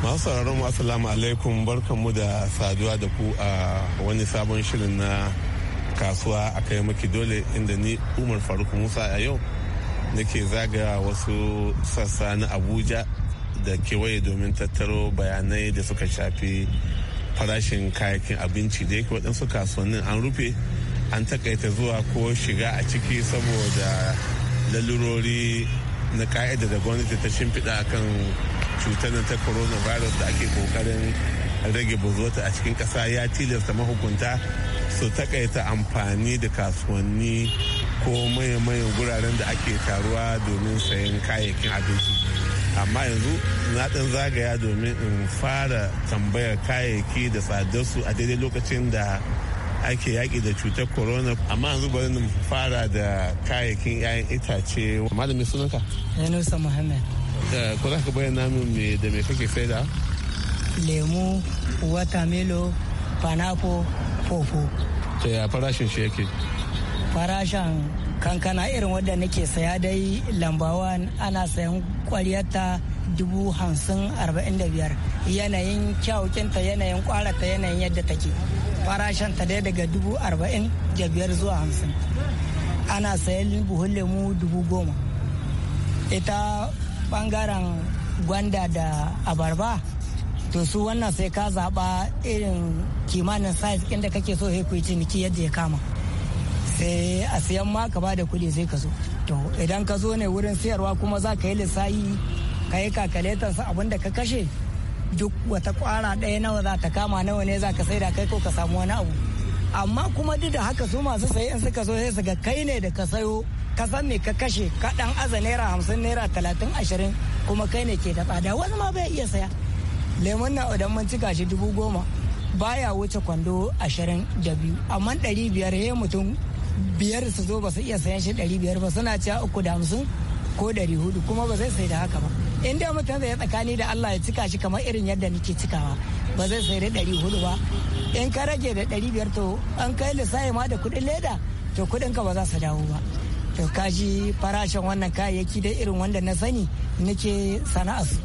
masu sauraron mu assalamu alaikum barkanmu da saduwa da ku a wani sabon shirin na kasuwa a kai maki dole inda ni umar faruk musa a yau nake zaga wasu sassa na abuja da kewaye domin tattaro bayanai da suka shafi farashin kayakin abinci da yake waɗansu kasuwannin an rufe an takaita zuwa ko shiga a ciki saboda lalurori na ka'ida da gwamnati ta shimfiɗa akan cutar ta coronavirus da ake kokarin rage buzota a cikin kasa ya tilasta mahukunta su takaita amfani da kasuwanni ko maye maye guraren da ake taruwa domin sayan kayayyakin abinci amma yanzu na ɗan zagaya domin in fara tambayar kayayyaki da tsadarsu a daidai lokacin da ake yaƙi da cutar corona amma yanzu bari fara da kayayyakin 'ya'yan itace malami sunanka yanusa muhammad Eh, ko za ka bayyana min da me kake saida lemu watermelo panapo fofo to ya farashin shi yake farashin kankana irin wadda nake saya dai lambawan ana sayan kwaryarta dubu hamsin arba'in da biyar yanayin kyawukinta yanayin kwarata yanayin yadda take farashin ta dai daga dubu arba'in da biyar zuwa hamsin ana sayan buhun lemu dubu goma ita bangaren gwanda da abarba to su wannan sai ka zaba irin kimanin size inda kake so sai ku yi ciniki yadda ya kama sai a siyan ma ka ba da kuɗi sai ka so to idan ka zo ne wurin siyarwa kuma za ka yi lissayi ka yi kakaletar su da ka kashe duk wata kwara ɗaya nawa za ta kama nawa ne za ka saida kai ko ka samu wani abu amma kuma duk da haka su masu saye in suka so sai ga kai ne da ka sayo ka san me ka kashe ka dan aza naira hamsin naira talatin ashirin kuma kai ne ke da tsada wani ma bai iya saya lemun na idan mun cika shi dubu goma baya wuce kwando ashirin da biyu amma ɗari biyar ya mutum biyar su zo ba su iya sayan shi ɗari biyar ba suna cewa uku da hamsin ko ɗari hudu kuma ba zai sai da haka ba. in da mutum zai tsakani da Allah ya cika shi kamar irin yadda nake cikawa ba zai sai da ɗari hudu ba in ka rage da ɗari biyar to an kai lissafi ma da kuɗin leda to kuɗin ka ba za su dawo ba to kaji farashin wannan kayayyaki da irin wanda na sani nake sana'a su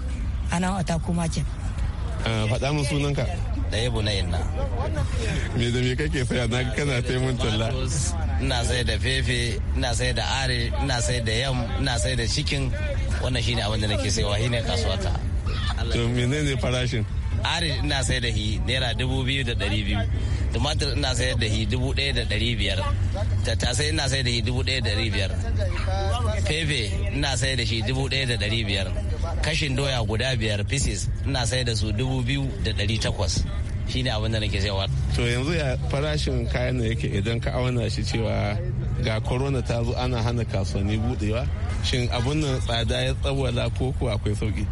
a nan a taku market Eh, faɗa min sunanka ɗaya bu na inna me da me kake saya na kana sai mun talla ina sai da fefe ina sai da are ina sai da yam ina sai da cikin wannan shine abin da nake saiwa shine kasuwa ta to menene farashin are ina sai da hi naira dubu biyu da ɗari biyu tumatir ina sai da hi dubu ɗaya da ɗari biyar tattasai ina sai da hi dubu ɗaya da ɗari biyar fefe ina sai da shi dubu ɗaya da ɗari biyar kashin doya guda biyar pieces ina sai da su dubu biyu da ɗari takwas shine abin da nake wata. to yanzu ya farashin kayan da yake idan ka auna shi cewa ga corona ta zo ana hana kasuwanni budewa shin abin nan tsada ya tsawala ko ko akwai sauki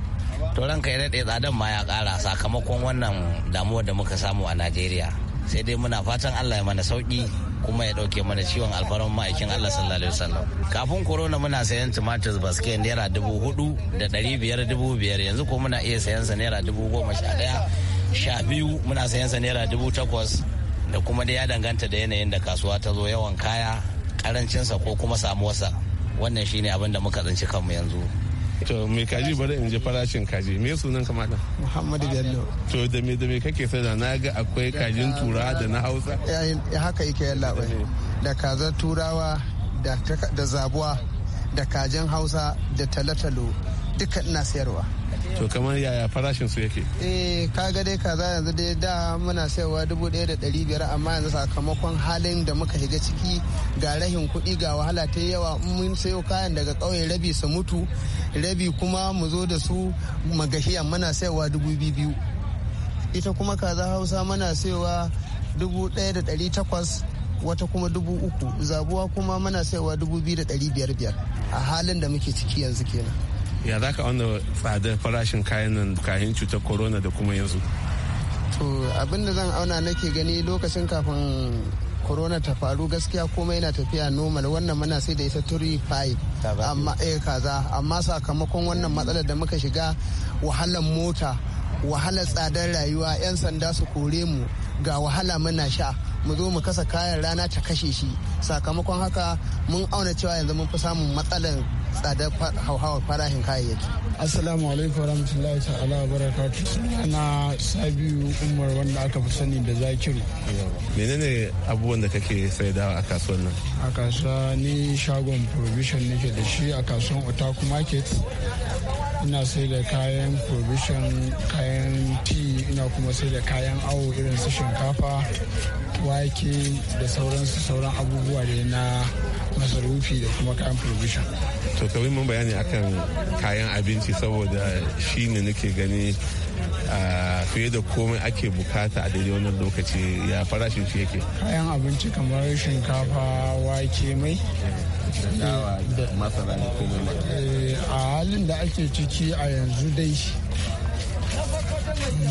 to ranka ya daɗe tsadan ma ya ƙara sakamakon wannan damuwar da muka samu a najeriya sai dai muna fatan allah ya mana sauki kuma ya dauke mana ciwon alfarin ma'aikin Allah sallallahu alaihi wasallam kafin corona muna sayan tumatir basket naira dubu hudu da dari biyar dubu biyar yanzu ko muna iya sayan sa naira dubu goma sha daya sha biyu muna sayan sa naira dubu takwas da kuma da ya danganta da yanayin da kasuwa ta zo yawan kaya karancinsa ko kuma samuwarsa wannan shine abin da muka tsinci kanmu yanzu To me kaji bari in ji farashin kaji. Me sunan ka Muhammadu Bello. To da me da me kake sada na ga akwai kajin tura da na Hausa. Ya haka yake yalla bai. Da kazar turawa da zabuwa da kajin Hausa da talatalo duka ina sayarwa to kamar yaya farashin su yake eh kaga dai kaza yanzu dai da muna sayarwa dubu ɗaya da ɗari biyar amma yanzu sakamakon halin da muka shiga ciki ga rahin kuɗi ga wahala ta yawa mun sayo kayan daga ƙauye rabi su mutu rabi kuma mu zo da su magashiya muna sayarwa dubu biyu ita kuma kaza hausa muna sayarwa dubu ɗaya da ɗari takwas wata kuma dubu uku zabuwa kuma muna sayarwa dubu biyu da ɗari biyar biyar a halin da muke ciki yanzu kenan ya za ka wanda tsadar farashin kayan nan kayan cutar corona da kuma yanzu to abin zan auna nake gani lokacin kafin corona ta faru gaskiya komai na tafiya normal wannan muna sai da ita 35 amma eh kaza amma sakamakon wannan matsalar da muka shiga wahalar mota wahalar tsadar rayuwa 'yan sanda su kore mu ga wahala muna sha mu zo mu kasa kayan rana ta kashe shi sakamakon haka mun auna cewa yanzu mun fi samun matsalar tsadar hauhawar farashin kayayyaki. Assalamu alaikum wa rahmatullahi ta'ala wa barakatu. Na Sabiu Umar wanda aka fi sani da Zakiru. Menene abubuwan da kake saidawa a kasuwar nan? A kasuwa ni shagon provision nake da shi a kasuwan Otaku Market. Ina sai da kayan provision, kayan tea, ina kuma sai da kayan awo irin su shinkafa, wake da sauransu sauran abubuwa da na masarufi da kuma kayan provision to kawai mun bayani akan kayan abinci saboda shi ne nake gani fiye da komai ake bukata a daidai wannan lokaci ya farashin shi yake kayan abinci kamar shinkafa wake mai eh, a halin da ake ciki a yanzu dai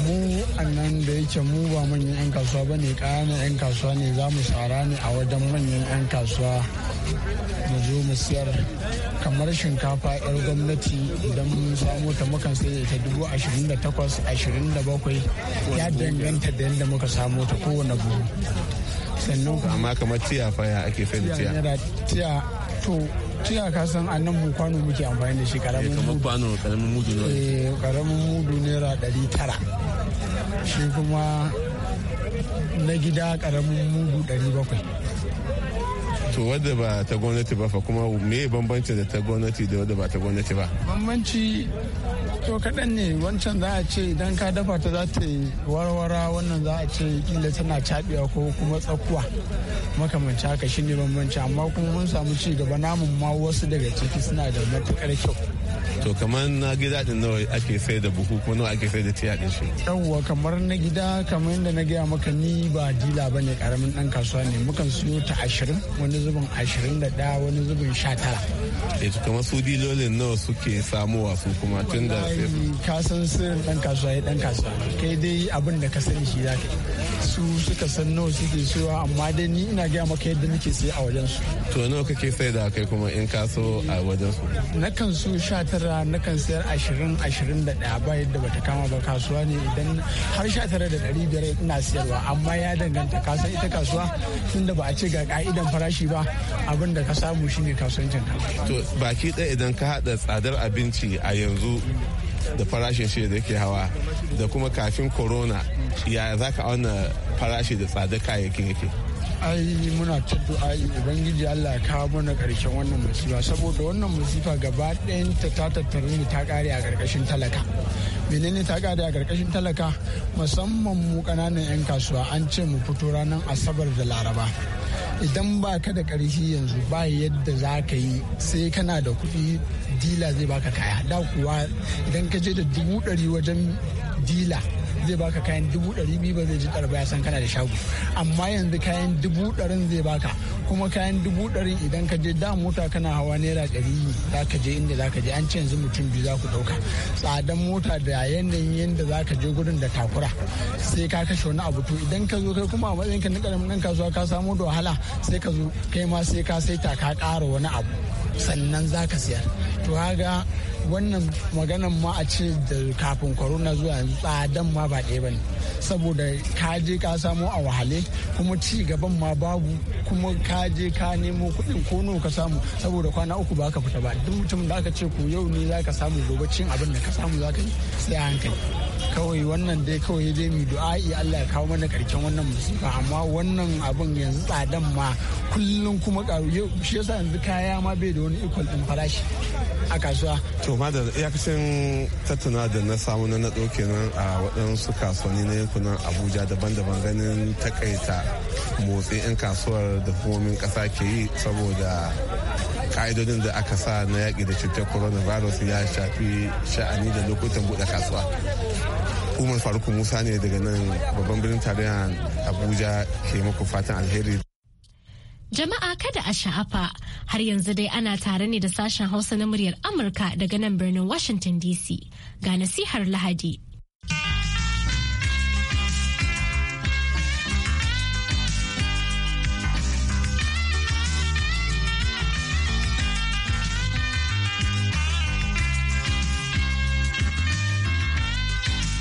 mu nan da yake mu ba manyan 'yan kasuwa ba ne kayanar 'yan kasuwa ne za mu tsara ne a wajen manyan 'yan kasuwa mu zo mu siyar kamar shinkafa 'yar gwamnati idan mun samu ta mukan sai ta dubu ashirin da takwas ashirin da bakwai ya danganta da yadda muka samu ta kowane buhu sannan amma kamar tiya faya ya ake sai da tiya to tuna ka san annan mu kwano muke amfani da shi karamin eh, mudu ne eh, naira ɗari tara shi kuma na gida karamin mudu ɗari bakwai to wadda ba ta gwamnati ba fa kuma me bambanci da ta gwamnati da wadda ba ta gwamnati ba bambanci to kaɗan ne wancan za a ce idan ka dafa ta za ta yi warwara wannan za a ce kila tana caɓewa ko kuma tsakuwa makamanci haka shine bambanci amma kuma mun samu ci gaba namun ma wasu daga ciki suna da matuƙar kyau to kamar na gida din nawa ake sai da buhu kuma nawa ake sai da tiya din shi yawwa kamar na gida kamar yadda na gaya maka ni ba dila ba ne karamin dan kasuwa ne mukan siyo ta ashirin wani zubin ashirin da wani zubin sha tara e to kamar su dilolin nawa suke samuwa su kuma tun da ka san sirrin dan kasuwa ya dan kasuwa kai dai abin da ka sani shi za ka su suka san nawa suke siyowa amma dai ni ina gaya maka yadda nake siya a wajen su to nawa kake sai da kai kuma in ka so a wajen su na kan sha tara tara kan sayar ashirin ashirin da ɗaya ba yadda bata kama ba kasuwa ne idan har sha tara da ɗari biyar ina sayarwa amma ya danganta kasan ita kasuwa tunda ba a ce ga ka'idan farashi ba abin da ka samu shine kasuwancin ka. to baki ɗaya idan ka haɗa tsadar abinci a yanzu da farashin shi da ke hawa da kuma kafin corona yaya za ka auna farashi da tsadar kayayyakin yake. ai muna ta du'a'i ubangiji Allah ya kawo mana karshen wannan musifa saboda wannan musifa gaba ɗayanta ta tattara tattaru ne ta kare a ƙarƙashin talaka menene ta kare a ƙarƙashin talaka musamman mu ƙananan 'yan kasuwa an ce mu fito ranar asabar da laraba idan ba ka da ƙarfi yanzu ba yadda za ka yi sai kana da kuɗi dila zai baka kaya da kuwa idan ka je da dubu ɗari wajen dila zai baka kayan dubu ɗari biyu ba zai ji ɗarba ya san kana da shago amma yanzu kayan dubu ɗarin zai baka kuma kayan dubu ɗarin idan ka je da mota kana hawa naira ɗari za ka je inda za ka je an ce yanzu mutum biyu za ku ɗauka tsadan mota da yanayin yadda za ka je gurin da takura sai ka kashe wani abu to idan ka zo kai kuma a matsayin ka na ƙaramin ɗan kasuwa ka samu da wahala sai ka zo kai ma sai ka saita ka ƙara wani abu sannan za ka siyar to haga wannan maganan ma a ce da kafin corona zuwa yanzu tsadan ma ba ɗaya bane saboda ka je ka samo a wahale kuma ci gaban ma babu kuma ka je ka nemo kuɗin ko nawa ka samu saboda kwana uku ba ka fita ba duk mutumin da aka ce ko yau ne za ka samu gobe cin abin da ka samu za ka yi sai a hankali kawai wannan dai kawai dai mu du'a'i Allah ya kawo mana karshen wannan musifa amma wannan abin yanzu tsadan ma kullum kuma karu shi yasa yanzu kaya ma bai da wani equal din farashi a kasuwa to to ma da iyakacin tattuna da na samu na naɗo kenan a waɗansu kasuwanni na yankunan abuja daban-daban ganin takaita motsi 'yan kasuwar da hukumomin ƙasa ke yi saboda ka'idodin da aka sa na yaƙi da cutar coronavirus ya shafi sha'ani da lokutan buɗe kasuwa umar faruk musa ne daga nan babban birnin tarayya abuja ke muku fatan alheri Jama'a kada a sha'afa har yanzu dai ana tare ne da sashen Hausa na muryar Amurka daga nan birnin Washington DC ga nasihar Lahadi.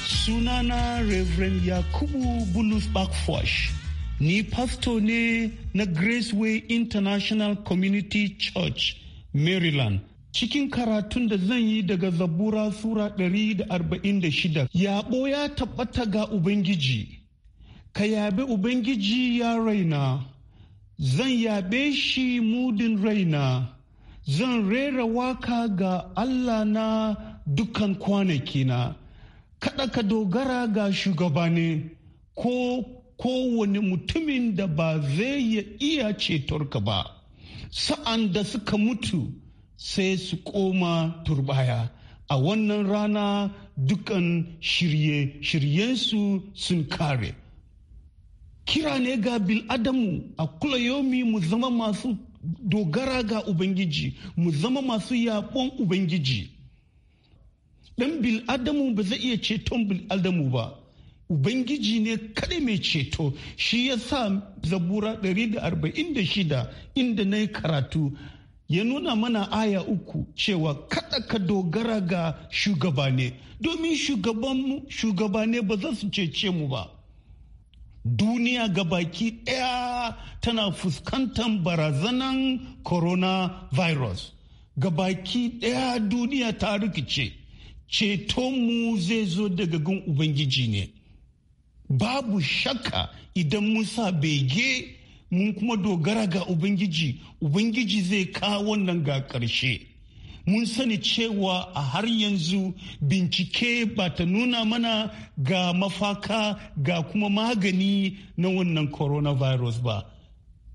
Sunana Reverend Yakubu Bulus Backfosh. ni pastor ne na way international community church maryland cikin karatun da zan yi daga zabura sura 146 yabo ya tabbata ga ubangiji ka yabe ubangiji ya raina zan yabe shi mudin raina zan rera waka ga allah na dukan kwanakina kada ka dogara ga shugabane ko kowane mutumin da ba zai iya cetonka ba sa'an da suka mutu sai su koma turbaya a wannan rana dukan shirye-shiryensu sun kare kira ne ga bil'adamu a kula yomi mu zama masu dogara ga ubangiji mu zama masu yabon ubangiji dan bil'adamu ba zai iya ceton bil'adamu ba Ubangiji ne kaɗai mai ceto shi ya sa zabura 146 inda na yi karatu ya nuna mana aya uku cewa kada ka dogara ga shugabane domin shugabane ba za su cece mu ba. Duniya ga baki ɗaya tana fuskantar barazanan coronavirus. Ga baki ɗaya duniya ta rikice, ceton mu zai zo daga gan Ubangiji ne. babu shakka idan Musa sa bege mun kuma dogara ga ubangiji ubangiji zai kawo wannan ga ƙarshe mun sani cewa a har yanzu bincike ba ta nuna mana ga mafaka ga kuma magani na wannan coronavirus ba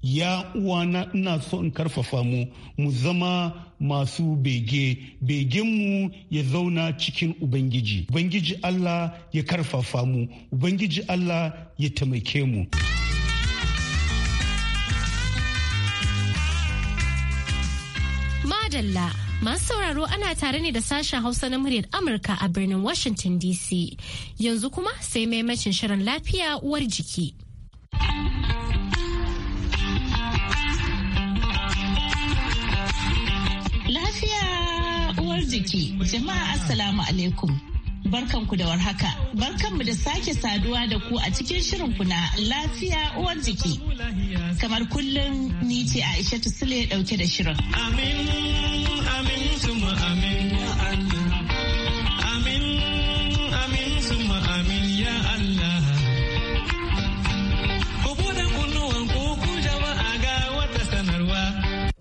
ya uwana ina so karfafa mu mu zama masu bege begenmu ya zauna cikin ubangiji ubangiji allah ya karfafa mu ubangiji allah ya taimake mu madalla masu sauraro ana tare ne da sashen hausa na muryar amurka a birnin washington dc yanzu kuma sai maimacin shirin lafiya uwar jiki jiki. Jama'a Assalamu alaikum. Barkanku da warhaka. Barkanmu da sake saduwa da ku a cikin shirin na lafiya uwar jiki. Kamar kullum ni ce Aisha Sule dauke da shirin. Amin, amin, suma amin. Amin, amin, suma amin ya Allah.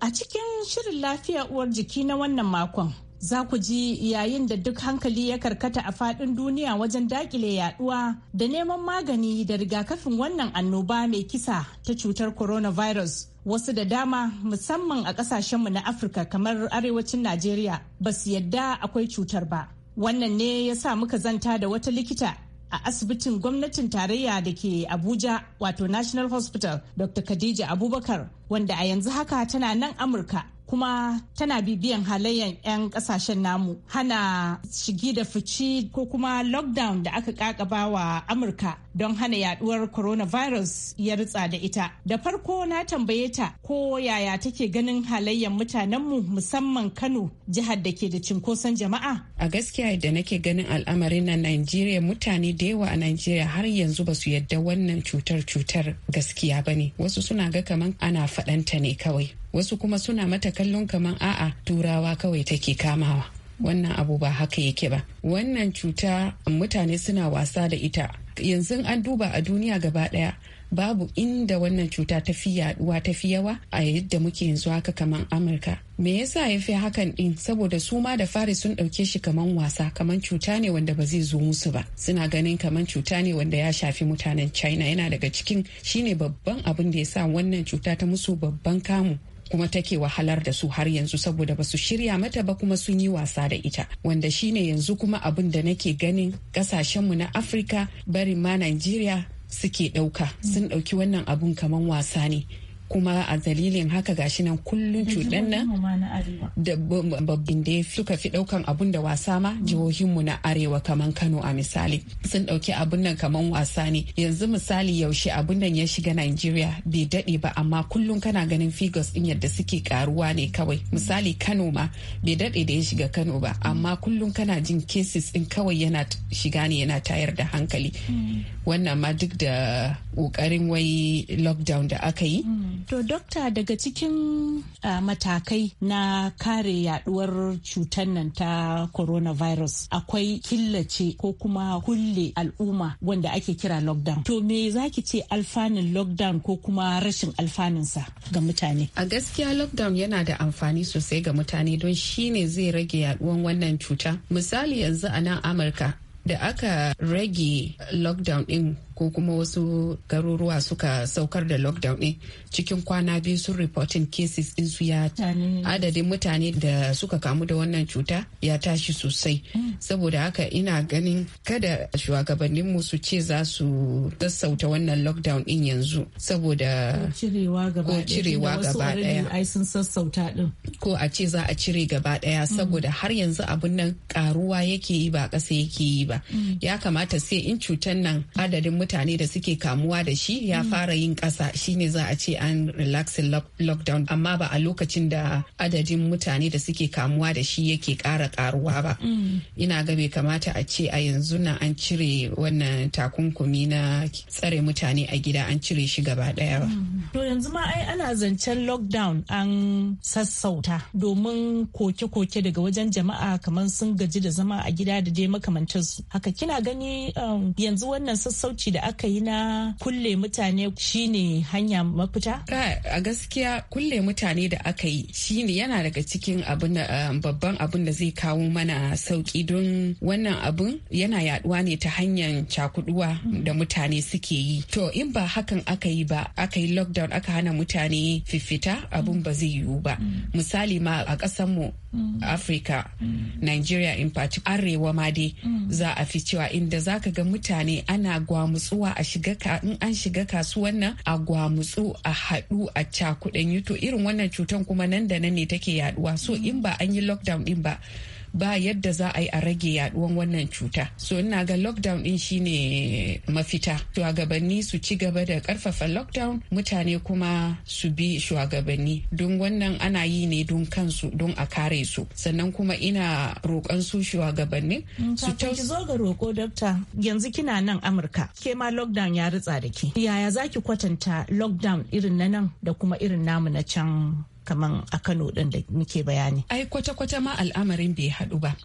A cikin shirin lafiya uwar jiki na wannan makon, za ku ji yayin da duk hankali ya karkata a faɗin duniya wajen dakile yaduwa da neman magani da rigakafin wannan annoba mai kisa ta cutar coronavirus wasu da dama musamman a ƙasashenmu na afirka kamar arewacin najeriya ba su yadda akwai cutar ba wannan ne ya sa muka zanta da wata likita a asibitin gwamnatin tarayya da ke abuja wato national hospital dr khadija abubakar wanda a yanzu haka tana nan amurka kuma tana bibiyan halayen 'yan kasashen namu hana shigi da fici ko kuma lockdown da aka kakaba wa amurka don hana yaduwar coronavirus ya ritsa da ita da farko na tambaye ta ko yaya take ganin halayen mutanenmu musamman kano jihar da ke da cinkoson jama'a a gaskiya da nake ganin al'amarin na najeriya mutane da yawa a najeriya har yanzu ba su yadda wannan cutar cutar gaskiya ba ne wasu suna ga kaman ana faɗanta ne kawai wasu kuma suna mata kallon kaman a'a turawa kawai take kamawa wannan abu ba haka yake ba wannan cuta mutane suna wasa da ita yanzu an duba a duniya gaba daya babu inda wannan cuta ta fi yaduwa ta fi yawa a yadda muke yanzu haka kamar amurka me yasa ya fi hakan din saboda su ma da fari sun dauke shi kamar wasa kamar cuta ne wanda ba zai zo musu ba suna ganin kamar cuta ne wanda ya shafi mutanen china yana daga cikin shine babban abin da ya sa wannan cuta ta musu babban kamu kuma take wahalar da su har yanzu saboda ba su shirya mata ba kuma sun yi wasa da ita wanda shine yanzu kuma abin da nake ganin kasashenmu na afirka barin ma nigeria suke ɗauka sun ɗauki wannan abun kaman wasa ne kuma a dalilin haka gashi nan kullum cuɗan nan da babbin da suka fi ɗaukan abun da wasa ma jihohinmu na arewa kaman kano a misali sun ɗauki abun nan kaman wasa ne yanzu misali yaushe abun nan ya shiga nigeria bai daɗe ba amma kullum kana ganin figures ɗin yadda suke karuwa ne kawai misali kano ma bai daɗe da ya shiga kano ba amma kullum kana jin cases ɗin kawai yana shiga ne yana tayar da hankali mm. wannan ma duk da kokarin wai lockdown da aka yi. Mm. To dokta daga cikin uh, matakai na kare yaduwar cutar nan ta coronavirus akwai killace ko kuma kulle al'umma wanda ake kira lockdown. To me za ki ce alfanun lockdown ko kuma rashin alfanunsa ga mutane? A gaskiya lockdown yana da amfani sosai ga mutane don shine zai rage yaduwan wannan cuta. Misali yanzu a nan Amurka da aka rage lockdown din ko kuma wasu garuruwa suka saukar da lockdown ɗin cikin kwana biyu sun reporting cases din su ya adadin mutane da suka kamu da wannan cuta ya tashi sosai mm. saboda haka ina ganin kada shugabannin mu su ce za su sassauta wannan lockdown ɗin yanzu saboda ko cirewa gaba daya ko a ce za a cire gaba ɗaya mm. saboda har yanzu abun nan karuwa yake yi ba ƙasa yake yi ba mm. ya kamata sai in cutan nan adadin mutane da suke kamuwa da shi ya hmm. fara yin ƙasa shine za a ce an relaxing lockdown amma ba a lokacin da adadin mutane da suke kamuwa da shi yake ƙara ƙaruwa ba hmm. ina ga bai kamata a ce a yanzu na an cire wannan takunkumi na tsare mutane a gida an cire shi gaba ɗaya ba hmm. to yanzu ma ai ana zancen lockdown an sassauta domin koke-koke daga wajen jama'a kamar sun gaji da zama a gida da dai makamantarsu haka kina gani um, yanzu wannan sassauci da aka yi na kulle mutane shine hanya mafita? A gaskiya kulle mutane da aka yi shine yana daga cikin eh, babban abin da zai kawo mana sauki don wannan abin yana yaduwa ne ta hanyar cakuduwa da mutane suke yi. To in ba hakan aka yi ba aka yi lockdown aka hana mutane fifita abin ba zai yiwu ba. Misali ma a ƙasanmu Africa, Nigeria in particular arewa ma dai za a fi cewa inda zaka ga mutane ana gwamus kasuwa a shiga ka in an shiga kasuwan nan a gwamutsu a haɗu a cakuɗanyi to irin wannan cutan kuma nan da nan ne take yaduwa so in ba an yi lockdown din ba ba yadda za a yi a rage yaduwan wannan cuta so ina ga lockdown din shine mafita shugabanni su ci gaba da karfafa lockdown mutane kuma su bi shugabanni don wannan ana yi ne don kansu don a kare su sannan kuma ina roƙon su shugabanni mm, su ta zo ga roƙo dokta yanzu kina nan amurka ke ma lockdown ya ritsa da ke yaya zaki kwatanta lockdown irin na nan da kuma irin namu na can kaman a Kano ɗin da muke bayani. Ai kwata-kwata ma al'amarin bai haɗu ba.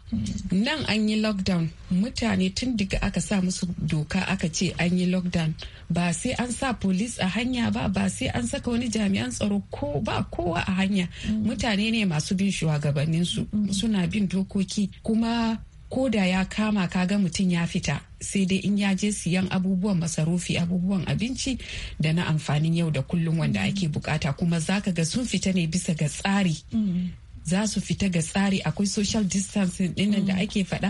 Nan an yi lockdown mutane tun daga aka sa musu doka aka ce an yi lockdown ba sai an sa police a hanya ba ba sai an saka wani jami'an tsaro ko ba kowa a hanya mm. mutane ne masu bin shugabannin su mm. suna bin dokoki kuma ko da ya kama kaga mutum ya fita sai dai in ya je siyan abubuwan masarufi abubuwan abinci da na amfanin yau da kullum wanda mm. ake bukata kuma zaka ga sun fita ne bisa ga tsari mm. za su fita ga tsari akwai social distancing dinnan da mm. ake faɗa.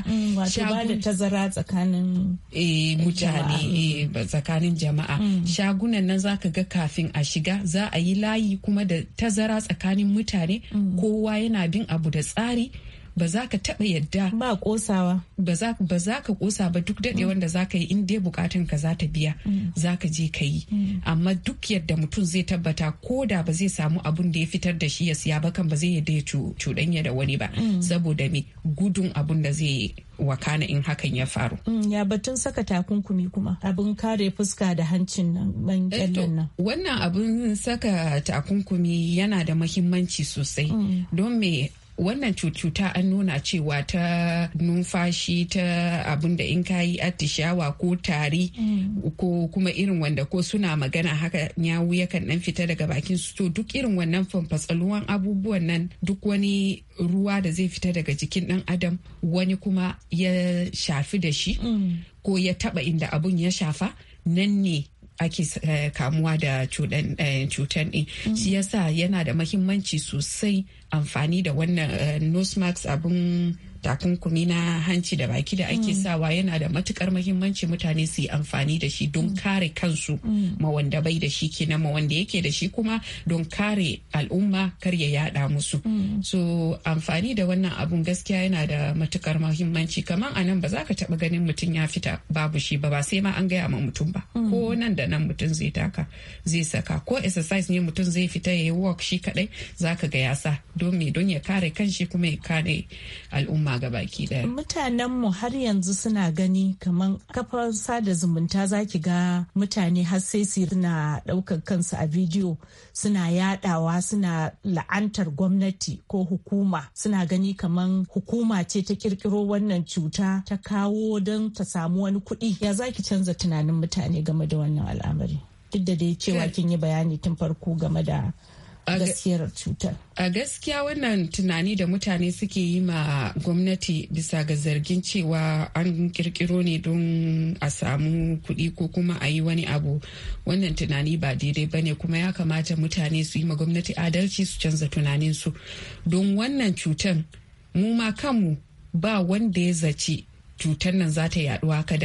tazara tsakanin eh, mutane eh, tsakanin jama'a. Shagunan nan za ka ga kafin a shiga za a yi layi kuma da tazara tsakanin mutane kowa yana bin abu da tsari. ba za ka taɓa yadda ba kosawa ba za ka kosa ba duk daɗe mm. wanda za ka yi in dai buƙatun ka za ta biya mm. za ka je ka yi mm. amma duk yadda mutum zai tabbata ko da ba zai samu abun da ya fitar da shi ya siya ba kan ba zai yadda ya cuɗanya da wani ba saboda me gudun abun da zai wakana in hakan ya faru. ya batun saka takunkumi kuma abin kare fuska da hancin nan eh, nan. Wannan abin saka takunkumi yana da mahimmanci sosai don me wannan cututa an nuna cewa ta numfashi ta abinda da in kayi atishawa ko tari mm. ko kuma irin wanda ko suna magana haka yawu yakan dan fita daga bakin su to duk irin wannan fanfatsaluwan abubuwan nan duk wani ruwa da zai fita daga jikin dan adam wani kuma ya shafi da shi mm. ko ya taba inda abun ya shafa nan ne ake eh, kamuwa da eh, cutan din shi yasa yana da mahimmanci sosai amfani da wannan eh, nose mask abin takunkumi na hanci da baki da ake mm. sawa yana da matukar muhimmanci mutane su yi amfani da shi don mm. kare kansu mm. ma wanda bai da shi kenan ma wanda yake da shi kuma don kare al'umma kar ya yada musu so amfani da wannan abun gaskiya yana da matukar muhimmanci kamar anan ba za ka taba ganin mutum ya fita babu shi ba ba sai ma an gaya ma mutum ba ko nan da nan mutum zai taka zai saka ko exercise ne mutum zai fita ya yi walk shi kadai zaka ga ya sa don me don ya kare kanshi kuma ya kare al'umma al'umma ga daya mutanen mu har yanzu suna gani kamar kafar sada zumunta za ki ga mutane har sai su suna daukar kansu a bidiyo suna yadawa suna la'antar gwamnati ko hukuma suna gani kamar hukuma ce ta kirkiro wannan cuta ta kawo don ta samu wani kuɗi ya za ki canza tunanin mutane game da wannan al'amari duk da dai cewa kin yi bayani tun farko game da gaskiyar cutar. A gaskiya wannan tunani da mutane suke yi ma gwamnati bisa ga zargin cewa an kirkiro ne don a samu kuɗi ko kuma a yi wani abu wannan tunani ba daidai ba ne kuma ya kamata mutane su yi ma gwamnati adalci su canza tunaninsu don wannan cutan mu ma kanmu ba wanda ya zaci cutar nan za ta yaɗu ka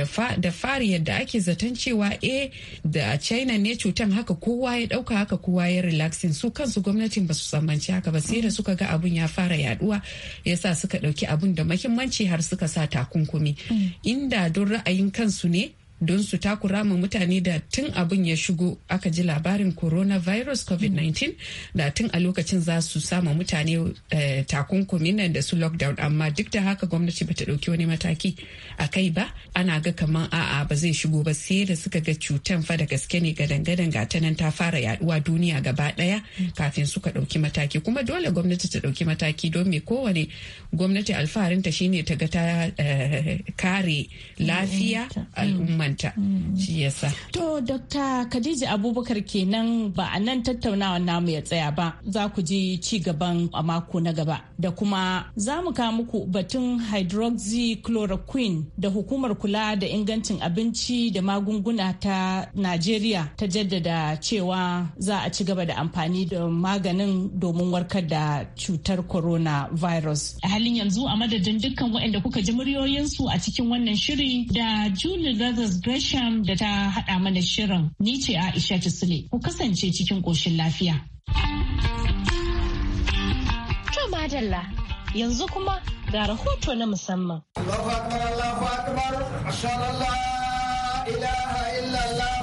da fari yadda ake zaton cewa eh da a china ne cutar haka kowa ya ɗauka haka kowa ya relaxing su kansu gwamnatin ba su tsammanci haka ba sai da suka ga abun ya fara yaɗuwa yasa suka ɗauki abun da mahimmanci har suka sa takunkumi mm. inda don ra'ayin kansu ne don su takura ma mutane da tun abin ya shigo aka ji labarin coronavirus covid-19 da tun a lokacin za su sama mutane eh, takunkumi nan da su lockdown amma duk da haka gwamnati bata dauki wani mataki a kai ba ana ga kamar a'a ba zai shigo ba sai da suka ga cutan fa da gaske ne gadan-gadan gata nan ta fara yaduwa duniya gaba daya kafin suka dauki mataki kuma dole gwamnati ta dauki mataki don me kowane gwamnati alfaharinta shine ta ga ta eh, kare lafiya mm. al'umma manta mm. shi yasa to dokta khadija abubakar kenan ba a nan tattaunawa namu ya tsaya ba za ku ji ci gaban a mako na gaba da kuma za mu kawo muku batun hydroxychloroquine da hukumar kula da ingancin abinci da magunguna ta najeriya ta jaddada cewa za a ci gaba da amfani da maganin domin warkar da cutar coronavirus a halin yanzu a madadin dukkan waɗanda kuka ji muryoyinsu a cikin wannan shiri da julie Brothers Gresham da ta haɗa mana shirin ni ce Aisha Sule ku kasance cikin ƙoshin lafiya. To madalla yanzu kuma ga rahoto na musamman. Allahu ilaha illallah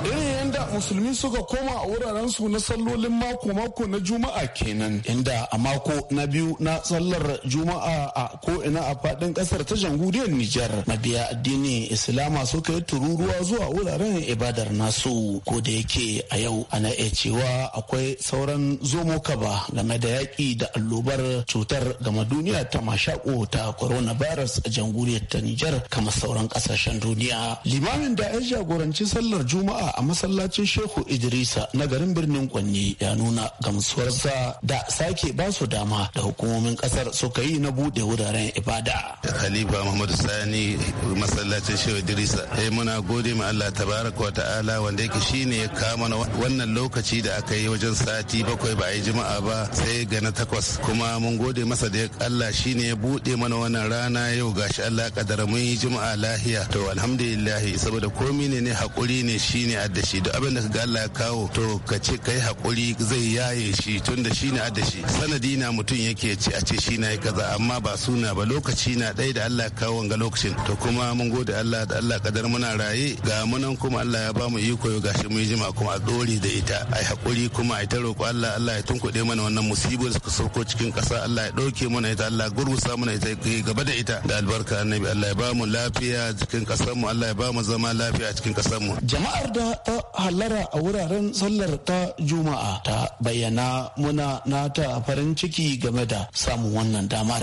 irin yadda musulmi suka koma a wuraren su na sallolin mako-mako na juma'a kenan inda a mako na biyu na sallar juma'a a ina a faɗin ƙasar ta jamhuriyar nijar mabiya addini islama suka yi tururuwa zuwa wuraren ibadar nasu ko da yake a yau ana iya cewa akwai sauran zomo kaba game da yaƙi da allobar cutar gama duniya ta mashaƙo ta coronavirus a jamhuriyar ta nijar kamar sauran ƙasashen duniya limamin da ya jagoranci sallar juma'a addu'a a masallacin shehu idrisa na garin birnin kwanni ya nuna gamsuwarsa da sake ba su dama da hukumomin kasar suka yi na bude wuraren ibada halifa muhammadu sani masallacin shehu idrisa sai eh, muna gode ma allah tabaraka wa ta'ala wanda yake shine ya kama wannan lokaci da aka yi wajen sati bakwai ba a yi juma'a ba sai ga na takwas kuma mun gode masa da allah shine ya bude mana wannan rana yau gashi allah kadara mun yi juma'a lahiya to alhamdulillah saboda komi ne ne hakuri ne shine ne adda shi duk abin da kaga Allah ya kawo to ka ce kai hakuri zai yaye shi tun da shi ne adda shi sanadi na mutum yake ce a ce shi na yi kaza amma ba suna ba lokaci na ɗaya da Allah ya kawo ga lokacin to kuma mun gode Allah da Allah kadar muna raye ga munan kuma Allah ya ba mu iko ga shi mun jima kuma a dore da ita ai hakuri kuma ai ta roƙo Allah Allah ya tunkuɗe mana wannan musibu da suka sauko cikin ƙasa Allah ya ɗauke mana ita Allah sa mana ita gaba da ita da albarka annabi Allah ya ba mu lafiya cikin ƙasar mu Allah ya ba mu zama lafiya cikin ƙasar mu jama'ar da ita ta halara a wuraren sallar ta juma'a ta bayyana muna nata farin ciki game da samun wannan damar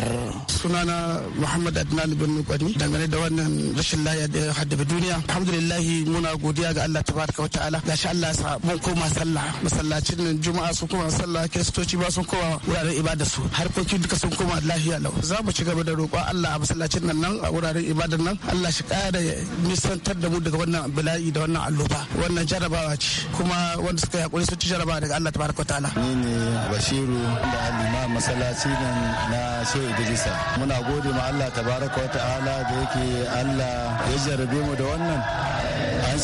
sunana muhammad adnan ibn kwani dangane da wannan rashin laya da haddaba duniya alhamdulillah muna godiya ga allah tabaraka wa ta'ala gashi allah sa mun koma sallah masallacin nan juma'a sun koma sallah kiristoci ba sun koma wuraren ibada su harkoki duka sun koma lafiya lau za mu ci gaba da roƙon allah a masallacin nan nan a wuraren ibadar nan allah shi ƙara nisantar da mu daga wannan bala'i da wannan alluba wannan jarabawa ce kuma wanda suka yakuri su ci jarabawa daga Allah tabaraka ta'ala ni ne Bashiru da Halima masallaci nan na Shehu Idrisa muna gode ma Allah tabaraka ta'ala da yake Allah ya jarabe mu da wannan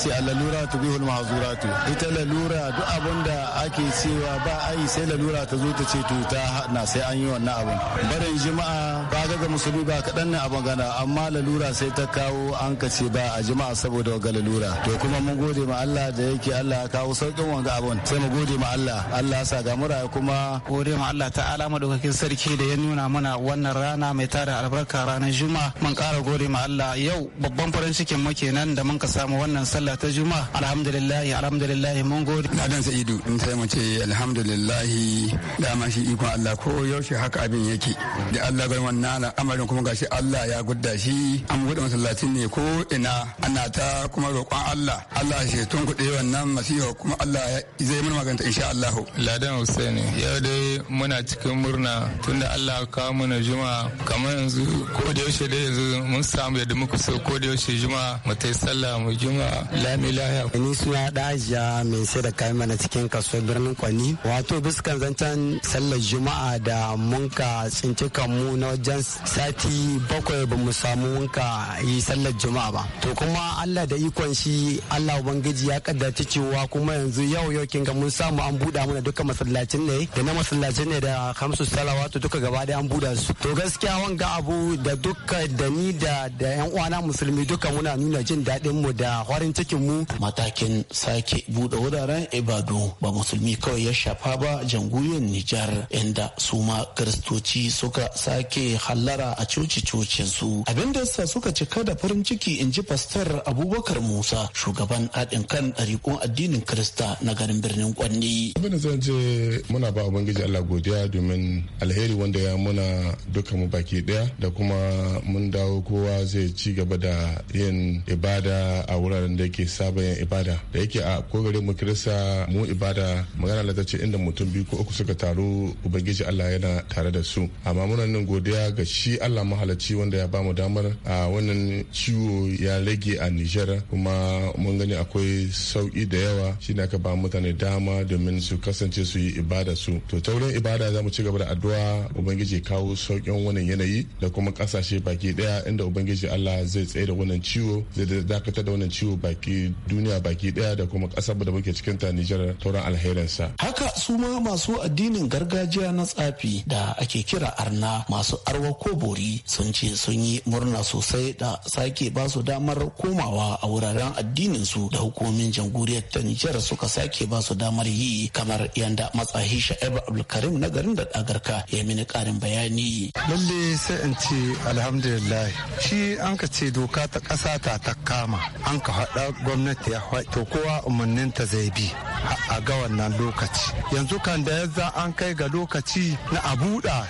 sai a lalura ta bihul mahazuratu ita lalura duk abun da ake cewa ba a yi sai lalura ta zo ta ce to ta na sai an yi wannan abin barin jima'a ba ga ga musulmi ba kaɗan ne abin gana amma lalura sai ta kawo an ka ce ba a jima'a saboda ga lalura to kuma mun gode ma Allah da yake Allah ya kawo saukin wanga abin sai mu gode ma Allah Allah ya sa ga mura kuma gode ma Allah ta'ala madaukakin sarki da ya nuna mana wannan rana mai tara albarka ranar juma'a mun kara gode ma Allah yau babban farin cikin muke nan da mun ka samu wannan sallah sallah ta juma alhamdulillahi alhamdulillahi mun gode na ladan sa'idu in sai mu ce alhamdulillahi dama shi ikon Allah ko yaushe haka abin yake da Allah bai wannan al'amarin kuma gashi Allah ya gudda shi an gode masa masallacin ne ko ina ana ta kuma roƙon Allah Allah shi tun kuɗe wannan masiha kuma Allah zai mana maganta insha Allah ladan husaini yau dai muna cikin murna tunda Allah kawo mana juma kamar yanzu ko da yaushe dai yanzu mun samu yadda muka so ko da yaushe juma mu tai sallah mu juma lami lahiya ni suna dajiya mai sai da kayan mana cikin kasuwar birnin kwani wato biskan zancen sallar juma'a da munka tsinci mu na wajen sati bakwai ba mu samu munka yi sallar juma'a ba to kuma allah da ikon shi allah ubangiji ya kaddace cewa kuma yanzu yau yau kinga mun samu an buɗa mana duka masallacin ne da na masallacin ne da hamsu salawatu duka gaba ɗaya an buɗa su to gaskiya wanga abu da duka da ni da da yan uwana musulmi duka muna nuna jin daɗin mu da farin ciki matakin mu matakin sake bude wuraren ibadu ba musulmi kawai ya shafa ba janguyen Nijar inda su ma kiristoci suka sake hallara a coci-cocin su abin da yasa suka cika da farin ciki in ji pastor Abubakar Musa shugaban haɗin kan ɗariƙun addinin Kirista na garin birnin Kwanni. Abin da zan ce muna ba Ubangiji Allah godiya domin alheri wanda ya muna duka mu baki ɗaya da kuma mun dawo kowa zai ci gaba da yin ibada a wuraren da yake saba yin ibada da yake a kogarin mu kirista mu ibada magana da ce inda mutum biyu ko uku suka taru ubangiji Allah yana tare da su amma muna nan godiya ga shi Allah mahalacci wanda ya bamu damar a wannan ciwo ya rage a Niger kuma mun gani akwai sauki da yawa shine aka ba mutane dama domin su kasance su yi ibada su to ta ibada za mu ci gaba da addu'a ubangiji kawo saukin wannan yanayi da kuma kasashe baki daya inda ubangiji Allah zai tsaye da wannan ciwo zai dakatar da wannan ciwo baki ke duniya baki ɗaya da kuma ƙasar da muke cikin ta Nijar tauran alherinsa. Haka su ma masu addinin gargajiya na tsafi da ake kira arna masu arwa ko bori sun ce sun yi murna sosai da sake ba su damar komawa a wuraren addinin su da hukumin jamhuriyar ta Nijar suka sake ba su damar yi kamar yanda matsahi Sha'ib Abdulkarim na garin da dagarka ya mini karin bayani. Lalle sai in ce alhamdulillah shi an ka ce doka ta ƙasa ta ta kama an ka haɗa gwamnati ya to kowa umarninta zai bi a ga wannan lokaci yanzu kan da yanzu an kai ga lokaci na a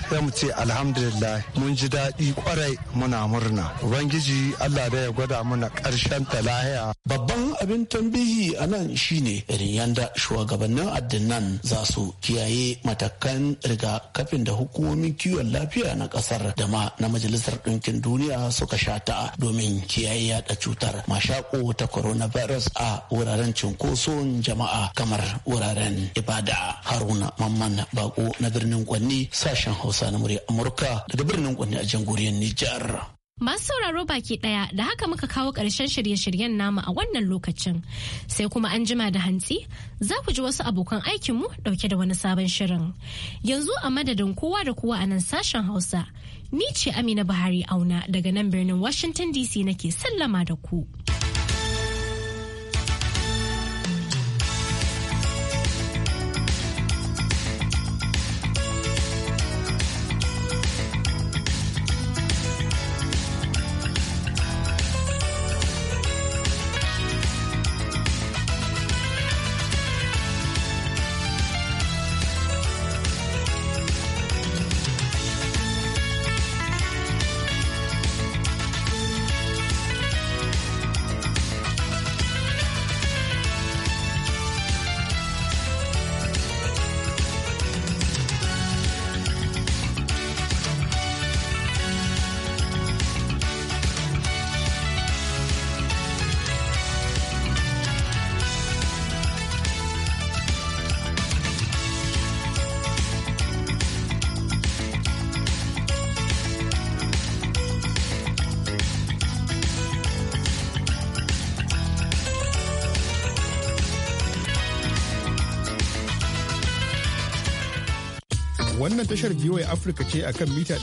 sai mu ce alhamdulillah mun ji daɗi kwarai muna murna ubangiji allah da ya gwada mana ƙarshen ta lahiya babban abin tambihi a nan shine irin yanda shugabannin addinan za su kiyaye matakan rigakafin da hukumomin kiwon lafiya na ƙasar da ma na majalisar ɗinkin duniya suka sha shata domin kiyaye yaɗa cutar mashako ta coronavirus a wuraren cunkoson jama'a kamar wuraren ibada haruna mamman bako na birnin kwanni sashen hausa na murya amurka daga birnin kwanni a jamhuriyar nijar Masu sauraro baki ɗaya da haka muka kawo ƙarshen shirye-shiryen nama a wannan lokacin. Sai kuma an jima da hantsi za ku ji wasu abokan aikinmu ɗauke da wani sabon shirin. Yanzu a madadin kowa da kowa a nan sashen Hausa, ni ce Amina Buhari auna daga nan birnin Washington DC nake sallama da ku. wannan tashar VOA Afirka ce akan mita